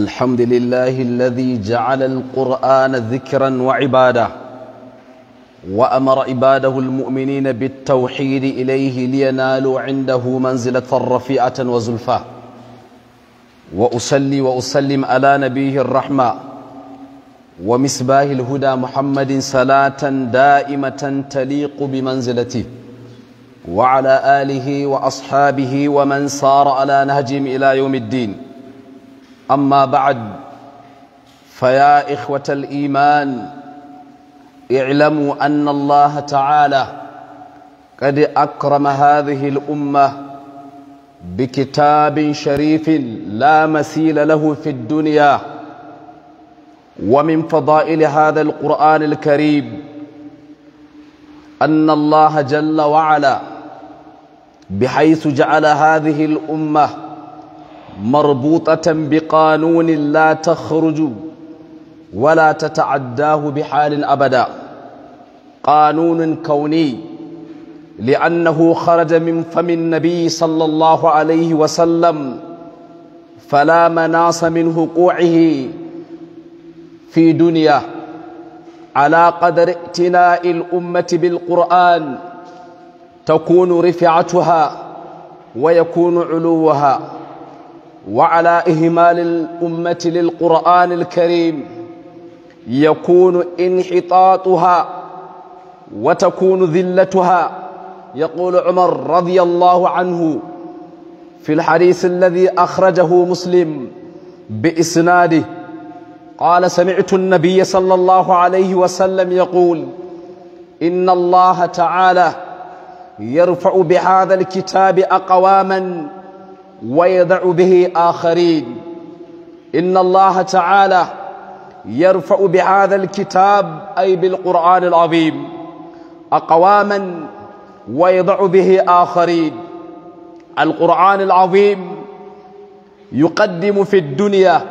الحمد لله الذي جعل القرآن ذكرا وعبادة وأمر عباده المؤمنين بالتوحيد إليه لينالوا عنده منزلة رفيعة وزلفاء وأسلي وأسلم على نبيه الرحمة ومسباه الهدى محمد صلاة دائمة تليق بمنزلته وعلى آله وأصحابه ومن سار على نهجهم إلى يوم الدين أما بعد فيا إخوة الإيمان اعلموا أن الله تعالى قد أكرم هذه الأمة بكتاب شريف لا مثيل له في الدنيا ومن فضائل هذا القرآن الكريم أن الله جل وعلا بحيث جعل هذه الأمة مربوطة بقانون لا تخرج ولا تتعداه بحال أبدا قانون كوني لأنه خرج من فم النبي صلى الله عليه وسلم فلا مناص من وقوعه في دنياه على قدر ائتناء الأمة بالقرآن تكون رفعتها ويكون علوها وعلى إهمال الأمة للقرآن الكريم يكون انحطاطها وتكون ذلتها يقول عمر رضي الله عنه في الحديث الذي أخرجه مسلم بإسناده قال سمعت النبي صلى الله عليه وسلم يقول إن الله تعالى يرفع بهذا الكتاب أقواما ويضع به آخرين إن الله تعالى يرفع بهذا الكتاب أي بالقرآن العظيم أقواما ويضع به آخرين القرآن العظيم يقدم في الدنيا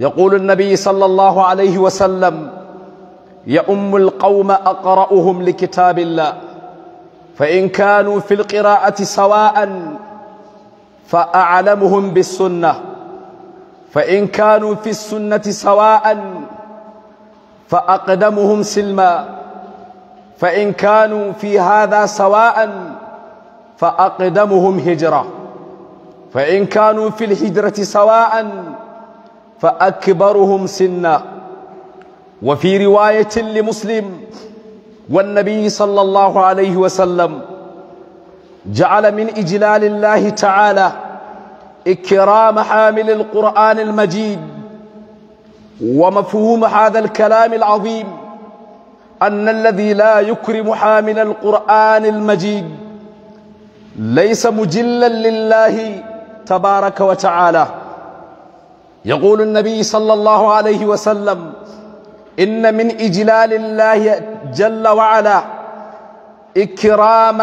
يقول النبي صلى الله عليه وسلم يأم القوم أقرأهم لكتاب الله فإن كانوا في القراءة سواء فأعلمهم بالسنة فإن كانوا في السنة سواء فأقدمهم سلما فإن كانوا في هذا سواء فأقدمهم هجرة فإن كانوا في الهجرة سواء فأكبرهم سنا وفي رواية لمسلم والنبي صلى الله عليه وسلم جعل من إجلال الله تعالى إكرام حامل القرآن المجيد ومفهوم هذا الكلام العظيم أن الذي لا يكرم حامل القرآن المجيد ليس مجلا لله تبارك وتعالى يقول النبي صلى الله عليه وسلم إن من إجلال الله جل وعلا إكرام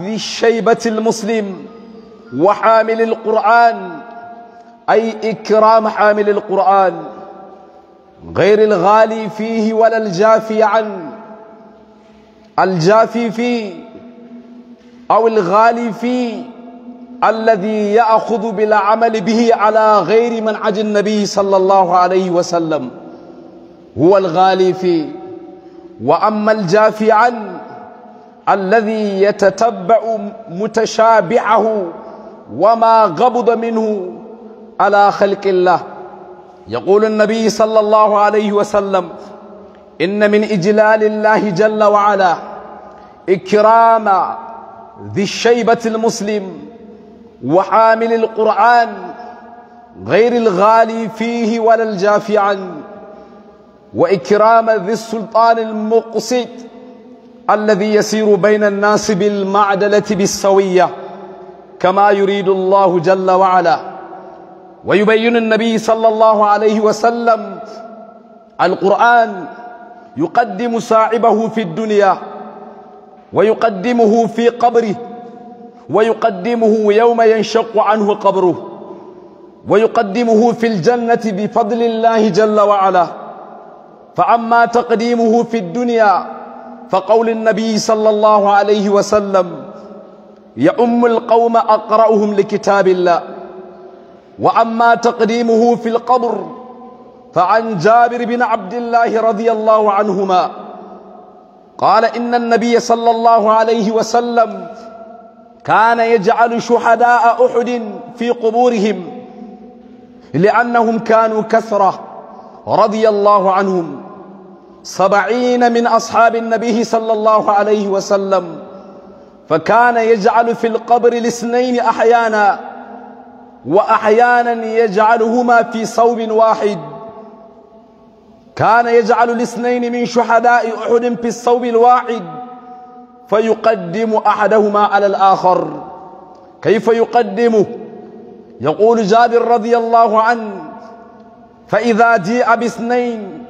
ذي الشيبة المسلم وحامل القرآن أي إكرام حامل القرآن غير الغالي فيه ولا الجافي عنه الجافي فيه أو الغالي فيه الذي يأخذ بالعمل به على غير منعج النبي صلى الله عليه وسلم هو الغالي فيه وأما الجافي عنه الذي يتتبع متشابعه وما غبض منه على خلق الله يقول النبي صلى الله عليه وسلم إن من إجلال الله جل وعلا إكرام ذي الشيبة المسلم وحامل القرآن غير الغالي فيه ولا الجافي عنه وإكرام ذي السلطان المقسط الذي يسير بين الناس بالمعدلة بالسوية كما يريد الله جل وعلا ويبين النبي صلى الله عليه وسلم القرآن يقدم صاحبه في الدنيا ويقدمه في قبره ويقدمه يوم ينشق عنه قبره ويقدمه في الجنة بفضل الله جل وعلا فأما تقديمه في الدنيا فقول النبي صلى الله عليه وسلم يؤم القوم أقرأهم لكتاب الله وأما تقديمه في القبر فعن جابر بن عبد الله رضي الله عنهما قال إن النبي صلى الله عليه وسلم كان يجعل شهداء أحد في قبورهم لأنهم كانوا كثرة رضي الله عنهم سبعين من أصحاب النبي صلى الله عليه وسلم فكان يجعل في القبر الاثنين أحيانا وأحيانا يجعلهما في صوب واحد كان يجعل الاثنين من شهداء أحد في الصوب الواحد فيقدم أحدهما على الآخر كيف يقدمه يقول جابر رضي الله عنه فإذا جيء باثنين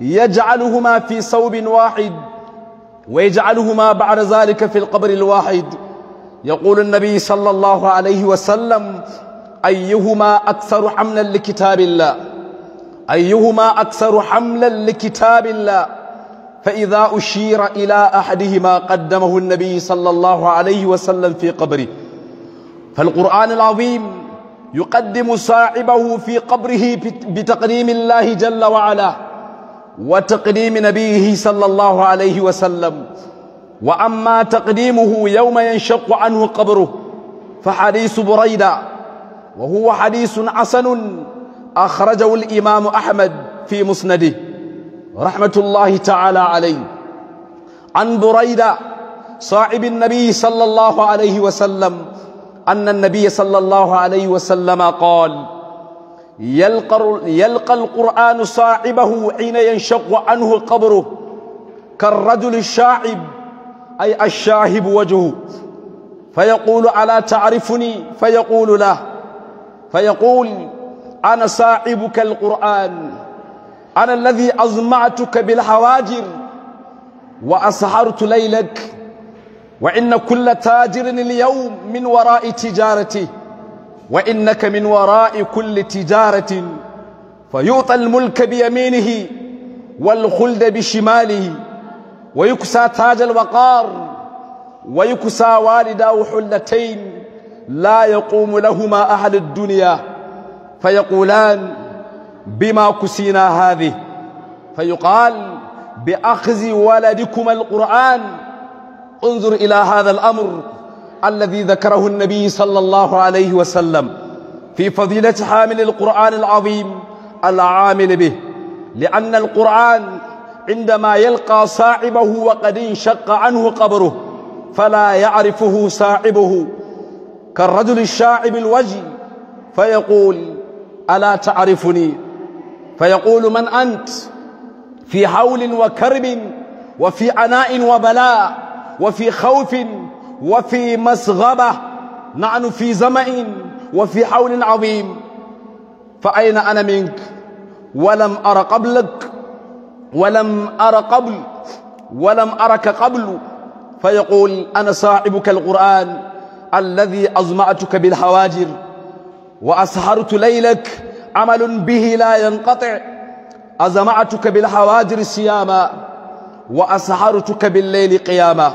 يجعلهما في صوب واحد ويجعلهما بعد ذلك في القبر الواحد يقول النبي صلى الله عليه وسلم أيهما أكثر حملا لكتاب الله أيهما أكثر حملا لكتاب الله فإذا أشير إلى أحدهما قدمه النبي صلى الله عليه وسلم في قبره فالقرآن العظيم يقدم صاحبه في قبره بتقديم الله جل وعلا وتقديم نبيه صلى الله عليه وسلم وأما تقديمه يوم ينشق عنه قبره فحديث بريدة وهو حديث حسن أخرجه الإمام أحمد في مسنده رحمة الله تعالى عليه عن بريدة صاحب النبي صلى الله عليه وسلم أن النبي صلى الله عليه وسلم قال يلقى, يلقى القرآن صاحبه حين ينشق عنه قبره كالرجل الشاعب أي الشاهب وجهه فيقول ألا تعرفني فيقول لا فيقول أنا صاحبك القرآن أنا الذي أزمعتك بالحواجر وأسهرت ليلك وإن كل تاجر اليوم من وراء تجارته وإنك من وراء كل تجارة فيعطى الملك بيمينه والخلد بشماله ويكسى تاج الوقار ويكسى والداه حلتين لا يقوم لهما أهل الدنيا فيقولان بما كسينا هذه فيقال بأخذ ولدكما القرآن انظر إلى هذا الأمر الذي ذكره النبي صلى الله عليه وسلم في فضيلة حامل القرآن العظيم العامل به لأن القرآن عندما يلقى صاحبه وقد انشق عنه قبره فلا يعرفه صاحبه كالرجل الشاعب الوجه فيقول ألا تعرفني فيقول من أنت في حول وكرب وفي عناء وبلاء وفي خوف وفي مسغبة نحن في زمن وفي حول عظيم فأين أنا منك ولم أر قبلك ولم أر قبل ولم أرك قبل فيقول أنا صاحبك القرآن الذي أزمعتك بالحواجر وأسهرت ليلك عمل به لا ينقطع أزمعتك بالحواجر سياما وأسهرتك بالليل قياما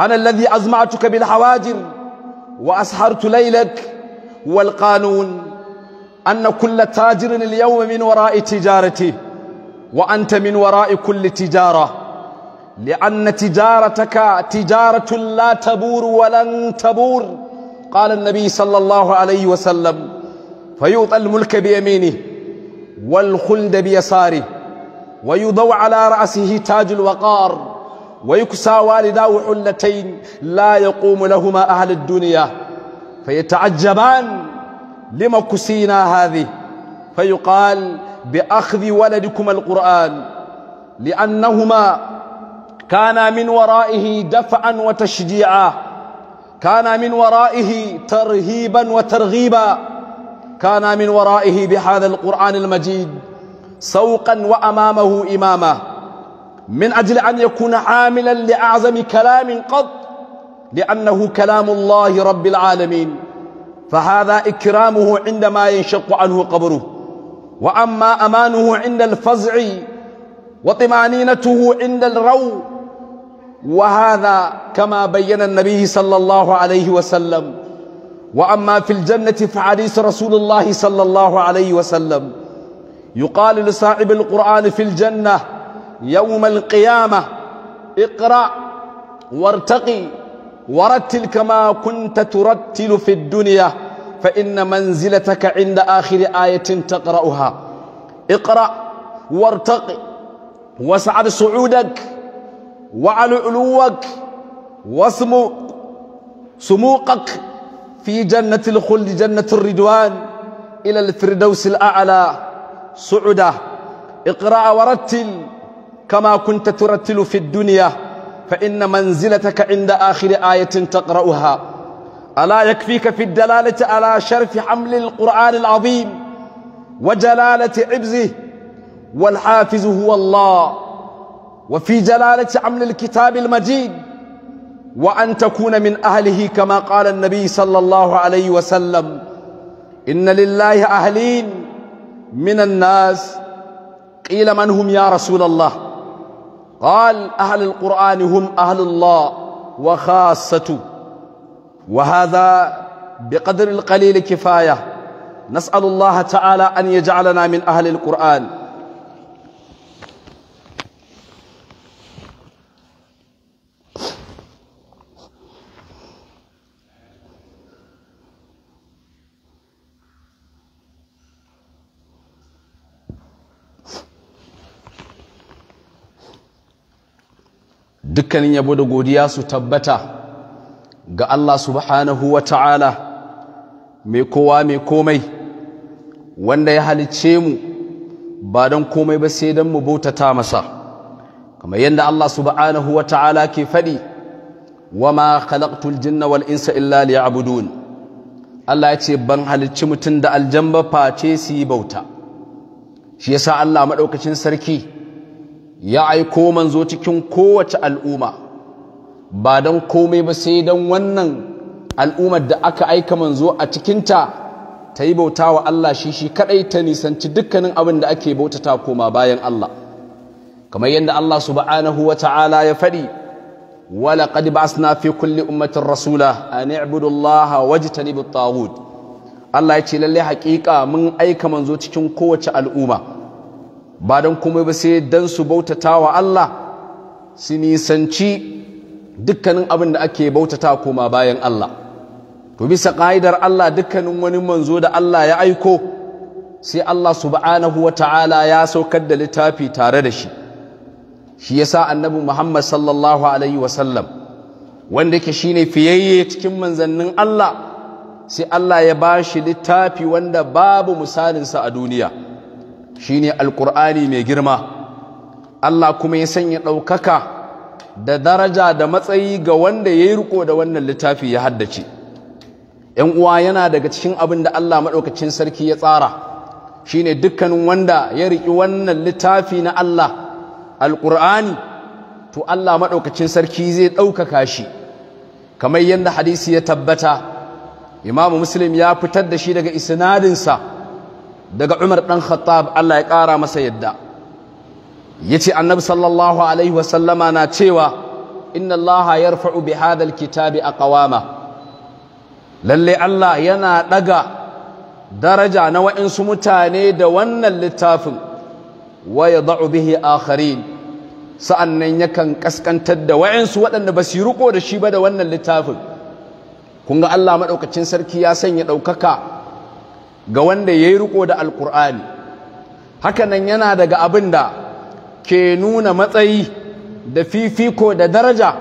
أنا الذي أزمعتك بالحواجر وأسهرت ليلك والقانون أن كل تاجر اليوم من وراء تجارته وأنت من وراء كل تجارة لأن تجارتك تجارة لا تبور ولن تبور قال النبي صلى الله عليه وسلم فيوطى الملك بيمينه والخلد بيساره ويضع على رأسه تاج الوقار ويكسى والداه حلتين لا يقوم لهما أهل الدنيا فيتعجبان لما كسينا هذه فيقال بأخذ ولدكما القرآن لأنهما كان من ورائه دفعا وتشجيعا كان من ورائه ترهيبا وترغيبا كان من ورائه بهذا القرآن المجيد سوقا وأمامه إمامه من أجل أن يكون عاملا لأعظم كلام قط لأنه كلام الله رب العالمين فهذا إكرامه عندما ينشق عنه قبره وأما أمانه عند الفزع وطمانينته عند الرو وهذا كما بين النبي صلى الله عليه وسلم وأما في الجنة فحديث رسول الله صلى الله عليه وسلم يقال لصاحب القرآن في الجنة يوم القيامة اقرأ وارتقي ورتل كما كنت ترتل في الدنيا فإن منزلتك عند آخر آية تقرأها اقرأ وارتقي واسعد صعودك وعلى علوك واسمو سموقك في جنة الخلد جنة الرضوان إلى الفردوس الأعلى صعده اقرأ ورتل كما كنت ترتل في الدنيا فإن منزلتك عند آخر آية تقرأها ألا يكفيك في الدلالة على شرف حمل القرآن العظيم وجلالة عبزه والحافظ هو الله وفي جلالة عمل الكتاب المجيد وأن تكون من أهله كما قال النبي صلى الله عليه وسلم إن لله أهلين من الناس قيل من هم يا رسول الله قال أهل القرآن هم أهل الله وخاصته وهذا بقدر القليل كفاية نسأل الله تعالى أن يجعلنا من أهل القرآن dukkanin yabo da godiya su tabbata ga Allah subhanahu wa ta'ala mai kowa mai komai wanda ya halicce mu ba don komai ba sai don mu bautata masa kamar yadda Allah subhanahu wa ta'ala ke faɗi wa ma khalaqtul jinna wal insa illa abudun Allah ya ce ban halicci mutum da aljamba face su yi bauta shi yasa Allah maɗaukacin sarki ya aiko manzo cikin kowace al'umma ba don komai ba sai don wannan al'ummar da aka aika manzo a cikinta ta yi bauta wa Allah shi shi kaɗai ta nisanci dukkanin abin da ake bautata koma bayan Allah kamar yadda Allah subhanahu wa ta'ala ya faɗi ولقد بعثنا في كل أمة رسولا أن اعبدوا الله واجتنبوا الطاغوت الله يتي للي حقيقة من أيك منزو تكون قوة الأمة ba don kuma ba sai don su bautata wa Allah su nisanci dukkanin abin da ake bautata kuma bayan Allah to bisa ƙa'idar Allah dukkanin wani manzo da Allah ya aiko sai Allah subhanahu wa ta'ala ya saukar da littafi tare da shi shi ya sa annabi Muhammad sallallahu alaihi wasallam wanda ke ne fiyayye cikin manzannin Allah sai Allah ya ba shi littafi wanda babu misalinsa a duniya shine alkur'ani mai girma Allah kuma ya sanya ɗaukaka da daraja da matsayi ga wanda ya yi riko da wannan littafi ya haddace ‘yan uwa yana daga cikin abin da Allah maɗaukacin sarki ya tsara shine dukkanin wanda ya riƙi wannan littafi na Allah alkur'ani to Allah maɗaukacin sarki zai ɗaukaka shi kamar yadda hadisi ya tabbata imamu muslim ya fitar da shi daga isnadinsa daga Umar dan Khattab Allah ya ƙara masa yadda yace Annabi sallallahu alaihi wasallama na cewa inna Allah yarfa'u bi hadha alkitabi aqwama lalle Allah yana daga daraja na wa'insu mutane da wannan littafin wa yad'u bihi akharin sa'annan yakan kaskantar da wa'insu waɗanda ba su riko da shi ba da wannan littafin kun ga Allah madaukakin sarki ya sanya ɗaukaka ga wanda ya yi riko da alkur'ani hakanan yana daga abin da ke nuna matsayi da fifiko da daraja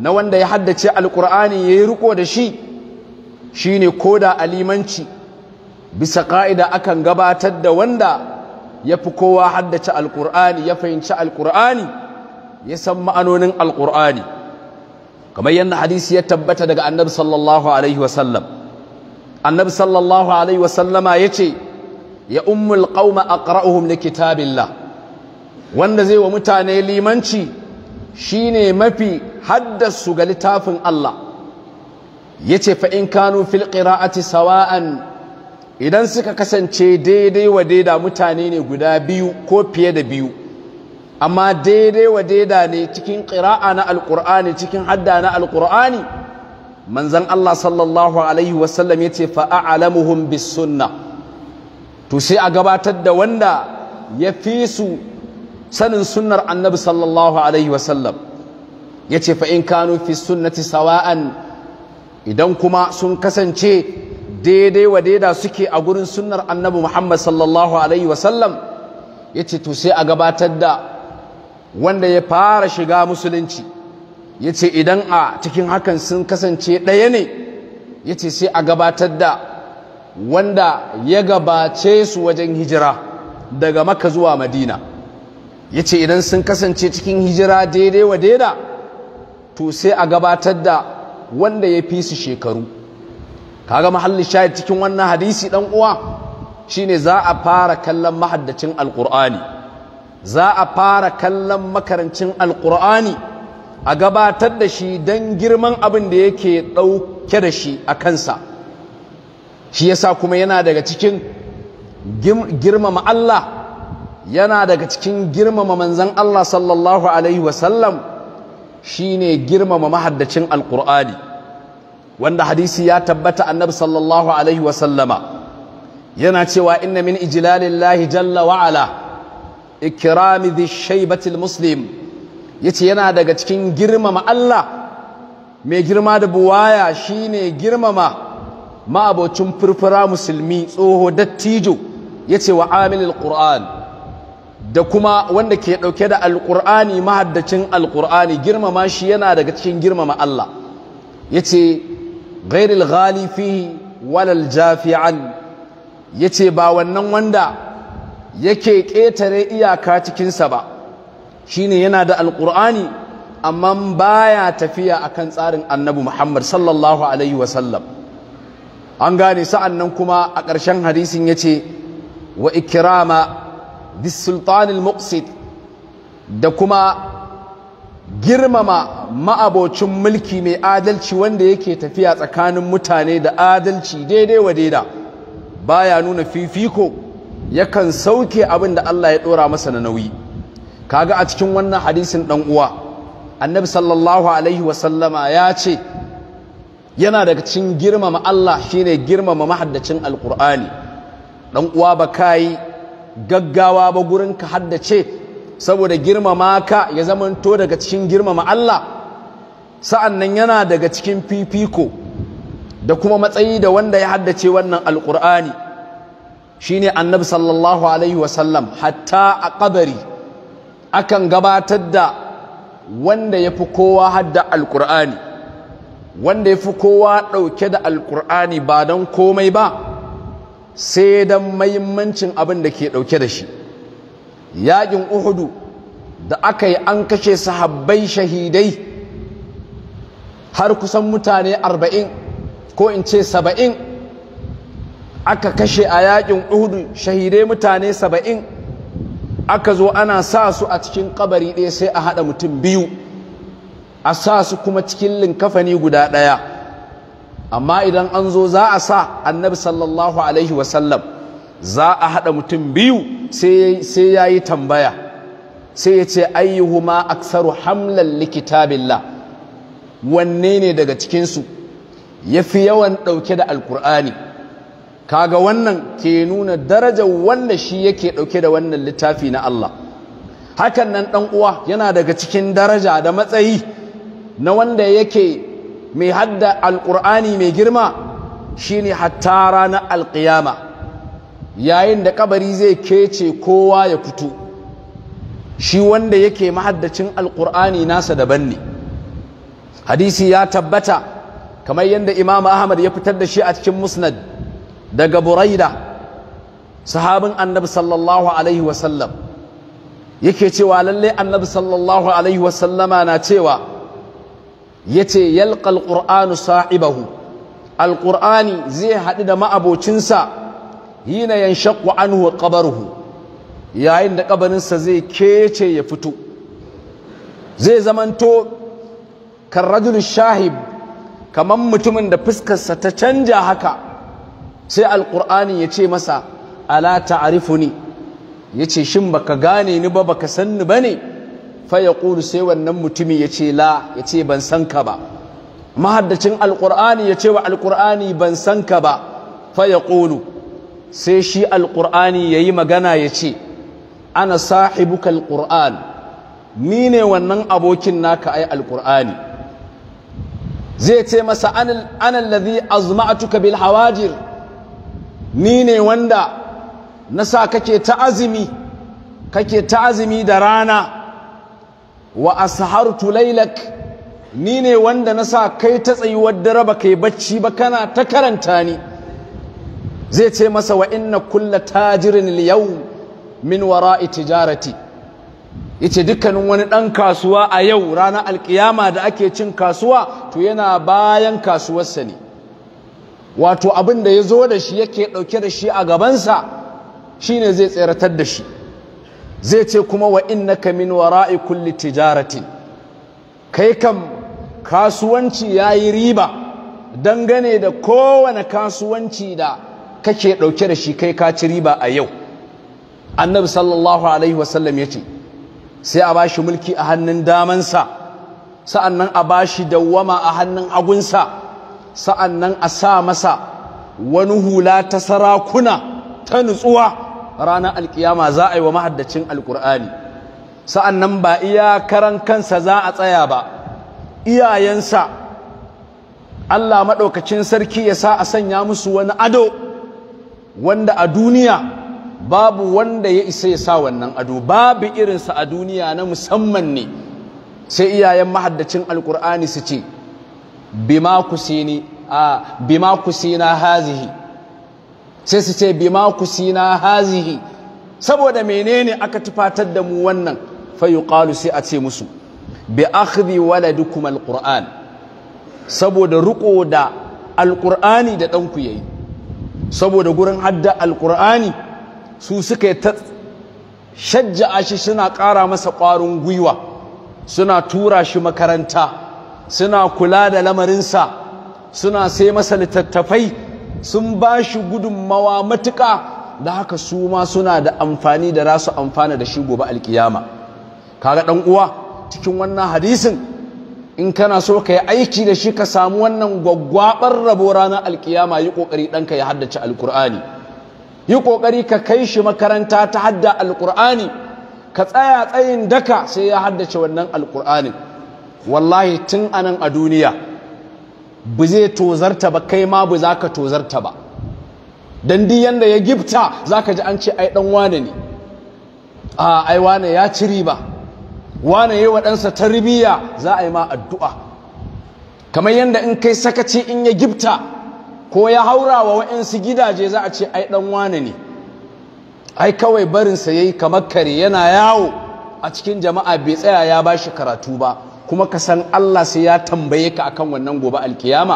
na wanda ya haddace alkur'ani ya yi riko da shi shine ko da alimanci bisa ƙa'ida akan gabatar da wanda ya fi kowa haddace alkur'ani ya fahimci alkur'ani ya san ma'anonin alkur'ani kamar yadda hadisi ya tabbata daga annabi sallallahu alaihi wasallam annabi sallallahu alaihi wasallama ya ce ya ummul qauma aqra'uhum likitabillah wanda zai wa mutane limanci shine mafi haddasu ga littafin Allah yace fa in kanu fil qira'ati sawa'an idan suka kasance daidai wa daida mutane ne guda biyu ko fiye da biyu amma daidai wa daida ne cikin qira'a na alqur'ani cikin hadda na alqur'ani manzon Allah sallallahu alaihi wasallam yace fa a'lamuhum bis sunna to sai a gabatar da wanda ya fi su sanin sunnar annabi sallallahu alaihi wasallam yace fa in kanu fi sunnati sawa'an idan kuma sun kasance daidai wa daida suke a gurin sunnar annabi Muhammad sallallahu alaihi wasallam yace to sai a gabatar da wanda ya fara shiga musulunci ya ce idan a cikin hakan sun kasance ɗaya ne ya ce sai a gabatar da wanda ya gabace su wajen hijira daga maka zuwa madina ya ce idan sun kasance cikin hijira daidai wa daida to sai a gabatar da wanda ya fi su shekaru kaga mahallin shayar cikin wannan hadisi ɗan uwa shine za a fara kallon mahaddacin al'kur'ani. za a fara kallon makarancin al'kur'ani. a gabatar da shi don girman abin da yake ɗauke da shi a kansa shi yasa kuma yana daga cikin girmama Allah yana daga cikin girmama manzan Allah sallallahu alaihi wasallam shi ne girmama mahaddacin alkur'ani wanda hadisi ya tabbata annabi sallallahu alaihi wasallama yana cewa inna min ijlalillahi jalla wa'ala ikirami dhi shaibatil muslim yace yana daga cikin girmama Allah mai girma da buwaya shine girmama ma'abocin furfura musulmi tsoho dattijo yace wa amilil qur'an da kuma wanda ke dauke da alqur'ani mahaddacin alqur'ani girmama shi yana daga cikin girmama Allah yace ghairil ghali fihi walal jafi'an yace ba wannan wanda yake ƙetare iyaka cikinsa ba shine yana da alqur'ani amma baya tafiya akan tsarin annabi Muhammad sallallahu alaihi wasallam an gane sa'annan kuma a ƙarshen hadisin yace wa ikrama bis sultanil muqsit da kuma girmama ma'abocin mulki mai adalci wanda yake tafiya tsakanin mutane da adalci daidai wa daida baya nuna fifiko yakan sauke abin da Allah ya ɗora masa na nauyi kaga a cikin wannan hadisin dan uwa annabi sallallahu alaihi wasallama ya ce yana daga cikin girmama Allah shine girmama mahaddacin alqur'ani dan uwa ba kai gaggawa ba gurin ka haddace saboda girmama ka ya zamanto daga cikin girmama Allah sa'annan yana daga cikin fifiko da kuma matsayi da wanda ya haddace wannan alqur'ani shine annabi sallallahu alaihi wasallam hatta a ƙabari. akan gabatar da wanda ya fi kowa hadda alkur'ani wanda ya fi kowa ɗauke da alkur'ani ba don komai ba sai don mahimmancin abin da ke ɗauke da shi yaƙin uhudu da aka yi an kashe sahabbai shahidai har kusan mutane arba'in ko in ce saba'in aka kashe a yaƙin uhudu shahidai mutane saba'in aka zo ana sa su a cikin kabari ɗaya sai a haɗa mutum biyu a sa su kuma cikin linkafani guda ɗaya amma idan an zo za a sa annabi sallallahu alaihi wasallam za a haɗa mutum biyu sai ya yi tambaya sai ya ce ayyuhuma aksaru hamlan likitabillah wanne ne daga cikinsu ya fi yawan ɗauke da alkur'ani kaga wannan ke nuna darajar wanda shi yake dauke da wannan littafi na Allah hakan nan dan uwa yana daga cikin daraja da matsayi na wanda yake mai hadda alqur'ani mai girma shine hatta ranar alqiyama yayin da kabari zai kece kowa ya fito shi wanda yake mahaddacin alqur'ani nasa daban ne hadisi ya tabbata kamar yadda imam ahmad ya fitar da shi a cikin musnad daga buraida sahabin annabi sallallahu alaihi wasallam yake cewa lalle annabi sallallahu alaihi wasallama na cewa yace yalqa alqur'anu sa'ibahu alqur'ani zai haɗu da ma'abocinsa hina yanshaqu anhu qabaruhu yayin da kabarinsa zai kece ya fito zai zamanto kan rajul shahib kaman mutumin da fuskarsa ta canja haka sai alƙur'ani ya ce masa ala ta'rifuni ya ce shin baka gane ni ba baka san ni ba ne fa ya ƙulu sai wannan mutumin ya ce la ya ce ban san ka ba mahaddacin alƙur'ani ya ce wa alƙur'ani ban san ka ba fa ya ƙulu sai shi alƙur'ani ya yi magana ya ce ana sahibuka alƙur'an ni ne wannan abokin naka ai alƙur'ani zai ce masa anan ladhi azma'tuka bil hawajir ni ne wanda na sa kake ta azumi kake ta azumi da rana wa Asahartu lailak ni ne wanda na sa kai ta tsayuwar dare ba kai bacci ba kana ta karanta ni zai ce masa wa inna kulla tajirin liyau min wara'i tijarati yace dukkanin wani dan kasuwa a yau ranar alkiyama da ake cin kasuwa to yana bayan kasuwarsa ne wato abin da ya zo da shi yake ɗauke da shi a gabansa shine zai tseratar da shi zai ce kuma wa innaka min wara'i kulli tijaratin kai kam kasuwanci ya yi riba dangane da kowane kasuwanci da kake ɗauke da shi kai kaci riba a yau annabi sallallahu alaihi wasallam ya ce sai a bashi mulki a hannun damansa sa'annan a bashi dawwama a hannun hagunsa sa'an nan a sa masa wani hula ta sarakuna ta nutsuwa ranar alkiyama za a yi wa mahaddacin alkur'ani sa'an nan ba iya karan kansa za a tsaya ba iyayensa Allah maɗaukacin sarki ya sa a sanya musu wani ado wanda a duniya babu wanda ya isa ya sa wannan ado babu irinsa a duniya na musamman ne sai iyayen mahaddacin alkur'ani su ce bima kusini a bima kusina hazihi sai su ce bima kusina hazihi saboda menene aka tufatar da mu wannan fa sai a ce musu bi akhdhi waladukum alquran saboda riko da alqurani da ɗanku yayi saboda gurin hadda alqurani su suka yi ta shajja'a shi suna ƙara masa ƙwarin gwiwa suna tura shi makaranta suna kula da lamarinsa suna sai masa littattafai sun ba shi gudunmawa matuƙa da haka su ma suna da amfani da rasu amfana da shi gobe alkiyama kaga ɗan uwa cikin wannan hadisin in kana so ka yi aiki da shi ka samu wannan gwaggwaɓar rabo ranar alkiyama yi ƙoƙari ɗanka ya haddace alkur'ani yi ƙoƙari ka kai shi makaranta ta hadda alkur'ani ka tsaya tsayin daka sai ya haddace wannan alkur'anin wallahi tun anan a duniya bu zai tozarta ba kai ma bu za ka tozarta ba don duk yanda ya gifta za ka ji an ce ai dan wane ne a ai wane ya ci ba. wane ya yi waɗansa ribiya za a yi ma addu'a kamar yadda in kai sakaci in ya gifta ko ya haura wa waɗansu gidaje za a ce ai dan wane ne ai kawai barinsa ya yi kamar kare yana yawo a cikin jama'a bai tsaya ya ba shi karatu ba kuma ka san Allah sai ya tambaye ka akan wannan gobe alkiyama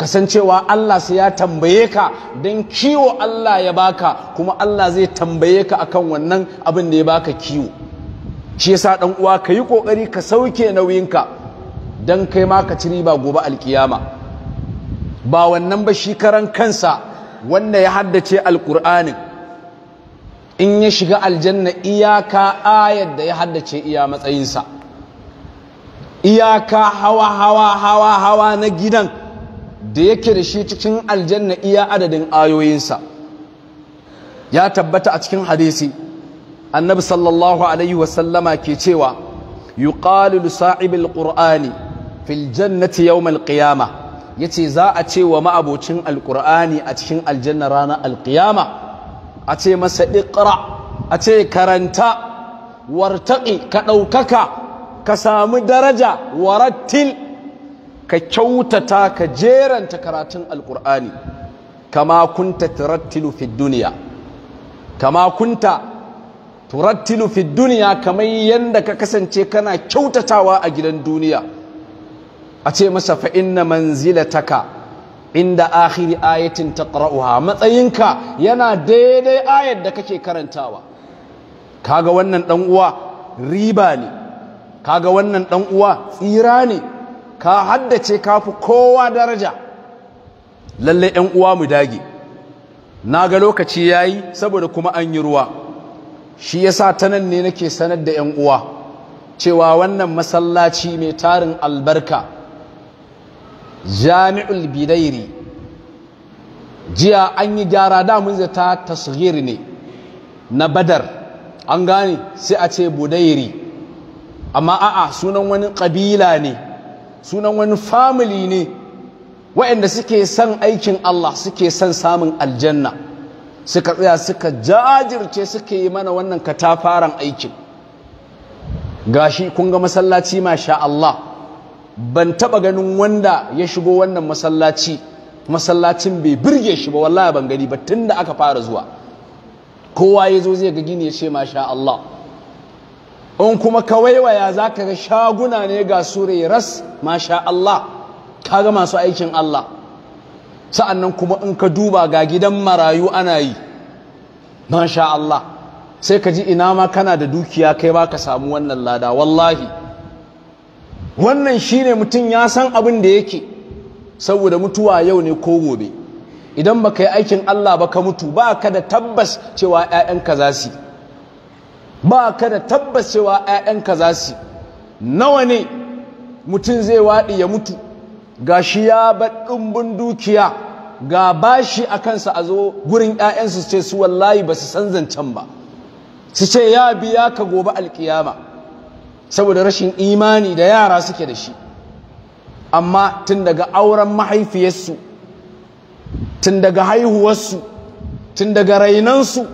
kasancewa Allah sai ya tambaye ka don kiwo Allah ya baka kuma Allah zai tambaye ka akan wannan abin da ya baka kiwo shi yasa dan uwa ka yi ƙoƙari ka sauke nauyinka don kai ma ka ci riba gobe alkiyama ba wannan ba shi karan kansa wanda ya haddace alkur'ani in ya shiga aljanna iyaka ayar da ya haddace iya matsayinsa iyaka hawa hawa hawa hawa na gidan da yake da shi cikin aljanna iya adadin ayoyinsa ya tabbata a cikin hadisi annabi sallallahu alaihi wasallama ke cewa yuqalu li sa'ibil qur'ani fil jannati yawm al qiyama yace za a ce wa ma'abocin alqur'ani a cikin aljanna ranar alqiyama a ce masa iqra a ce karanta wartaqi ka daukaka ka samu daraja warattil ka kyautata ka jeranta karatun alkur'ani kama kunta turattilu fi duniya kama kunta turattilu fi duniya kamar yadda ka kasance kana kyautatawa a gidan duniya a ce masa fa inna manzilataka inda akhiri ayatin taqra'uha matsayinka yana daidai ayar da kake karantawa kaga wannan dan uwa riba ne kaga wannan dan uwa tsira ne ka haddace kafi kowa daraja lalle yan uwa mu dage naga lokaci yayi saboda kuma an yi ruwa shi yasa tanan ne nake sanar da yan uwa cewa wannan masallaci mai tarin albarka jami'ul bidairi jiya an yi gyara damun zata tasghir ne na badar an gane sai a ce budairi amma a'a sunan wani kabila ne sunan wani family ne waɗanda suke son aikin Allah suke son samun aljanna suka tsaya suka jajirce suke yi mana wannan katafaren aikin gashi kun ga masallaci masha Allah ban taba ganin wanda ya shigo wannan masallaci masallacin bai birge shi ba wallahi ban gani ba tunda aka fara zuwa kowa ya zo zai ga gini ya ce masha Allah in kuma ka waiwaya za ka ga shaguna ne ga sure ras masha Allah ka ga masu aikin Allah sa'annan kuma in ka duba ga gidan marayu ana yi masha Allah sai ka ji ina ma kana da dukiya kai ba ka samu wannan lada wallahi wannan shine mutum ya san abin da yake saboda mutuwa yau ne ko gobe idan baka yi aikin Allah ba ka mutu ba ka da tabbas cewa 'ya'yanka za su yi ba ka da tabbacewa 'ya'yanka za su nawa ne mutum zai waɗi ya mutu ga shi ya bar ɗumbin dukiya ga bashi a kansa a zo gurin 'ya'yansu su ce su wallahi ba su san zancen ba su ce ya biya ka gobe alƙiyama saboda rashin imani da yara suke da shi amma tun daga auren mahaifiyarsu tun daga haihuwarsu tun daga rainansu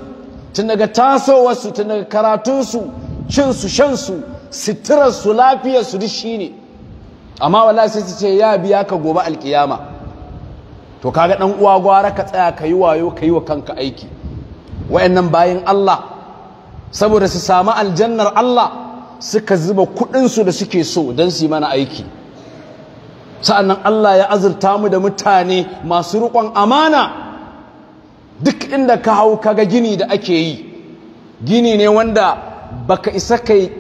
tun daga tasowarsu tun daga karatunsu cinsu shansu sitirarsu, lafiyarsu duk shi ne amma wala sai su ce ya biya ka gobe alkiyama to kaga dan uwa gwara ka tsaya ka yi wayo ka yi wa kanka aiki wayannan bayan Allah saboda su samu aljannar Allah suka zuba kuɗinsu da suke so don su yi mana aiki sa'annan Allah ya azurta mu da mutane masu riƙon amana duk inda ka hau kaga gini da ake yi gini ne wanda baka isa kai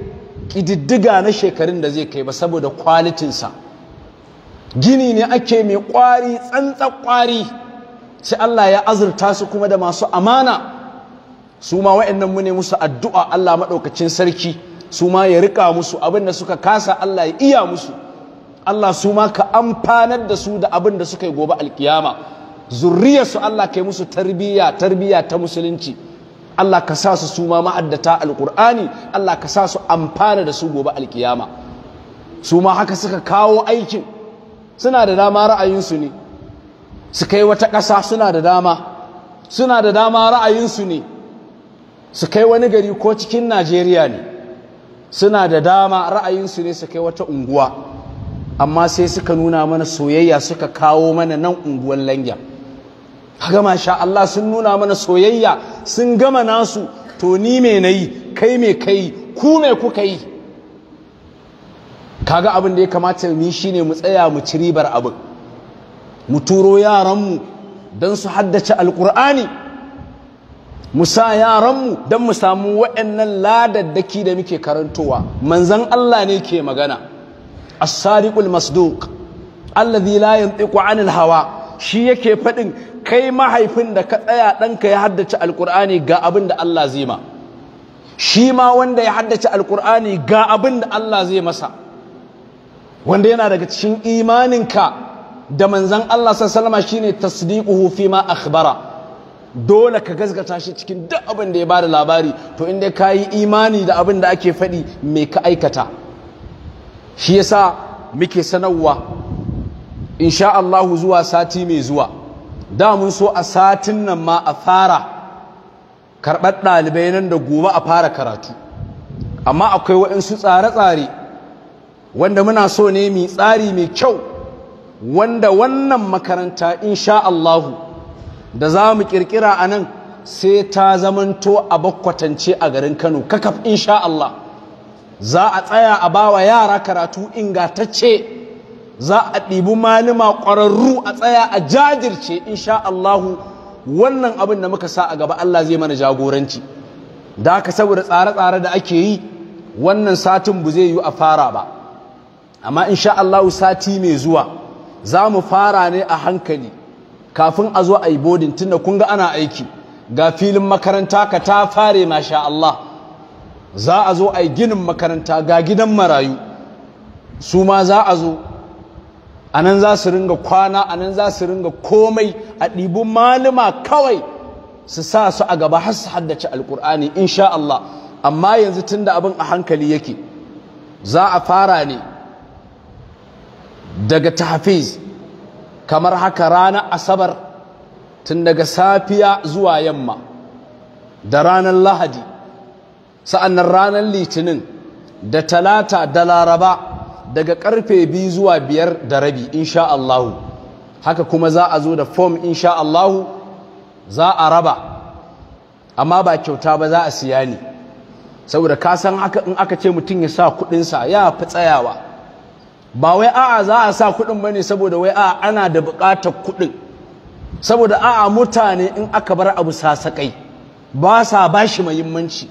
ƙididdiga na shekarun da zai kai ba saboda kwalitinsa gini ne ake mai ƙwari tsantsan ƙwari sai Allah ya azurta su kuma da masu amana su ma wa'annan mu ne musu addu'a Allah maɗaukacin sarki su ma ya rika musu abin da suka kasa Allah ya iya musu Allah su ma ka amfanar da su da abin da suka yi gobe alkiyama zurriyarsu Allah kai musu tarbiyya tarbiyya ta musulunci Allah ka sa su su ma ma'addata alqur'ani Allah ka sa su amfana da su gobe alkiyama su ma haka suka kawo aikin suna da dama ra'ayinsu ne su kai wata ƙasa suna da dama suna da dama ra'ayinsu ne su kai wani gari ko cikin Najeriya ne suna da dama ra'ayinsu ne su kai wata unguwa amma sai suka nuna mana soyayya suka kawo mana nan unguwan langyar kaga masha Allah sun nuna mana soyayya sun gama nasu to ni me nayi kai me kai ku me kuka yi kaga abin da ya kamata mu shine mu tsaya mu ci ribar abin mu turo yaranmu don su haddace alkur'ani mu sa yaranmu don mu samu waɗannan ladaddaki da muke karantowa manzan Allah ne ke magana as-sadiqul masduq alladhi la yantiqu 'anil hawa shi yake faɗin kai mahaifin da ka tsaya ɗanka ya haddace alkur'ani ga abin da Allah zai ma shi ma wanda ya haddace alkur'ani ga abin da Allah zai masa wanda yana daga cikin imaninka da manzan Allah sallama shine tasdiquhu fi ma akhbara dole ka gazgata shi cikin duk abin da ya bada labari to inda ka yi imani da abin da ake faɗi me ka aikata shi yasa muke sanarwa insha Allah zuwa sati mai zuwa da mun so a satin nan ma a fara karɓar ɗalibai nan da gobe a fara karatu amma akwai waɗansu tsare-tsare wanda muna so ne mai tsari mai kyau wanda wannan makaranta sha Allahu da za mu ƙirƙira a nan sai ta zamanto a bakwatance a garin Kano kakaf sha Allah za a tsaya a bawa yara karatu ingantacce za a ɗibi malima ƙwararru a tsaya a jajirce insha Allahu wannan abin da muka sa a gaba Allah zai mana jagoranci da haka saboda tsare-tsare da ake yi wannan satin bu zai yi a fara ba amma insha Allahu sati mai zuwa za mu fara ne a hankali kafin a zo a yi bodin tunda kun ga ana aiki ga filin makaranta ka ta fare masha Allah za a zo a yi ginin makaranta ga gidan marayu su ma za a zo a nan za su ringa kwana a nan za su ringa komai a ɗibi malama kawai su sa su a gaba har su haddace alƙur'ani insha Allah amma yanzu tun da abin a hankali yake za a fara ne daga tafiz kamar haka ranar asabar tun daga safiya zuwa yamma da ranar lahadi sa'annan ranar litinin da talata da laraba daga karfe biyu zuwa biyar da rabi insha Allahu haka kuma za a zo da form insha Allahu za a raba amma ba kyauta ba za a siya ne saboda ka in aka ce mutum ya sa kuɗinsa ya fi tsayawa ba wai a'a za a sa kuɗin ba ne saboda wai a'a ana da buƙatar kuɗin saboda a'a mutane in aka bar abu sasakai ba sa ba shi muhimmanci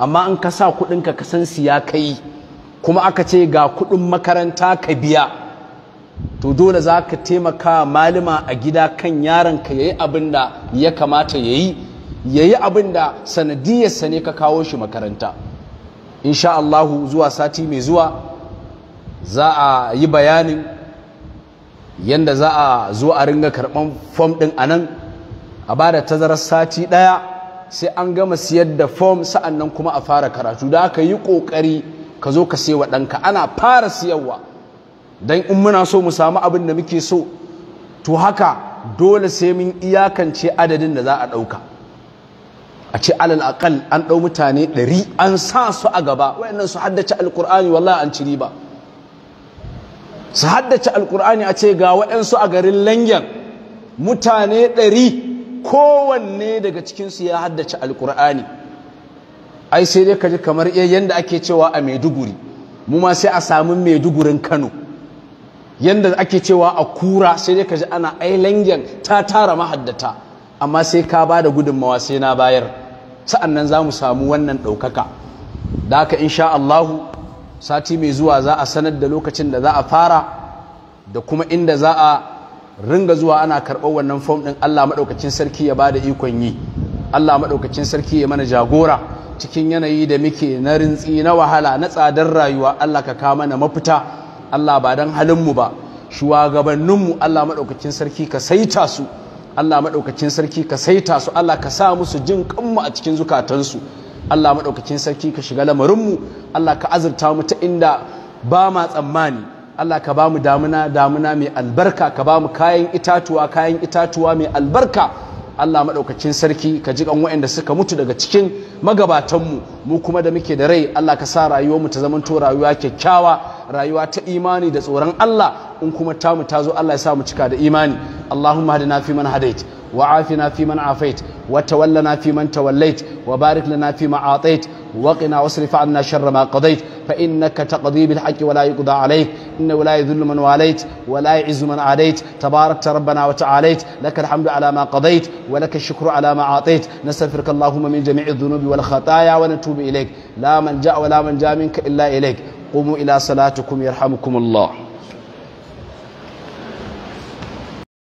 amma in ka sa kuɗinka ka san siya kai kuma aka ce ga kuɗin makaranta ka biya to dole za ka taimaka malama a gida kan yaron ka yayi abin da ya kamata ya yi ya yi abin da sanadiyarsa ne ka kawo shi makaranta insha Allah zuwa sati mai zuwa za a yi bayanin yadda za a zo a ringa karɓan fom ɗin a nan a ba da tazarar sati ɗaya sai an gama siyar da fom sa'annan kuma a fara karatu da aka yi ƙoƙari ka zo ka wa ɗanka ana fara siyarwa don in muna so mu samu abin da muke so to haka dole sai mun iyakance adadin da za a ɗauka a ce alal aƙal an ɗau mutane ɗari an sa su a gaba wayannan su haddace alƙur'ani wallahi an ci riba su haddace alƙur'ani a ce ga wayansu a garin langen mutane ɗari kowanne daga cikinsu ya haddace alƙur'ani ai sai dai ka ji kamar eh, yadda ake cewa a maiduguri mu ma sai a samu maidugurin kano yadda ake cewa a kura sai dai ka ji ana ailangen ta tara mahaddata amma sai ka ba da gudunmawa sai na bayar Sa'annan nan za mu samu wannan ɗaukaka da haka insha Allahu sati mai zuwa za a sanar da lokacin da za a fara da kuma inda za a ringa zuwa ana karɓar wannan fom ɗin Allah maɗaukacin sarki ya ba da ikon yi Allah maɗaukacin sarki ya mana jagora cikin yanayi da muke na rintsi na wahala na tsadar rayuwa Allah ka kama na mafita Allah ba don halinmu ba shugabanninmu Allah maɗaukacin sarki ka saita su Allah maɗaukacin sarki ka saita su Allah ka sa musu jin kanmu a cikin zukatansu Allah maɗaukacin sarki ka shiga lamarinmu Allah ka azurta mu ta inda ba ma tsammani Allah ka ba mu damuna damuna mai albarka ka ba mu kayan itatuwa kayan itatuwa mai albarka Allah maɗaukacin sarki ka ji kan waɗanda suka mutu daga cikin magabatanmu mu kuma da muke da rai Allah ka sa rayuwarmu ta zamanto rayuwa kyakkyawa rayuwa ta imani da tsoron Allah in kuma tamu ta zo Allah ya sa mu cika da imani Allahumma hadina fi man hadait fi afait. tawallana fi man tawallait wa barik lana fi ma atait. وقنا واصرف عنا شر ما قضيت فإنك تقضي بالحق ولا يقضى عليك إنه لا يذل من واليت ولا يعز من عاديت تبارك ربنا وتعاليت لك الحمد على ما قضيت ولك الشكر على ما أعطيت نستغفرك اللهم من جميع الذنوب والخطايا ونتوب إليك لا من جاء ولا من جاء منك إلا إليك قوموا إلى صلاتكم يرحمكم الله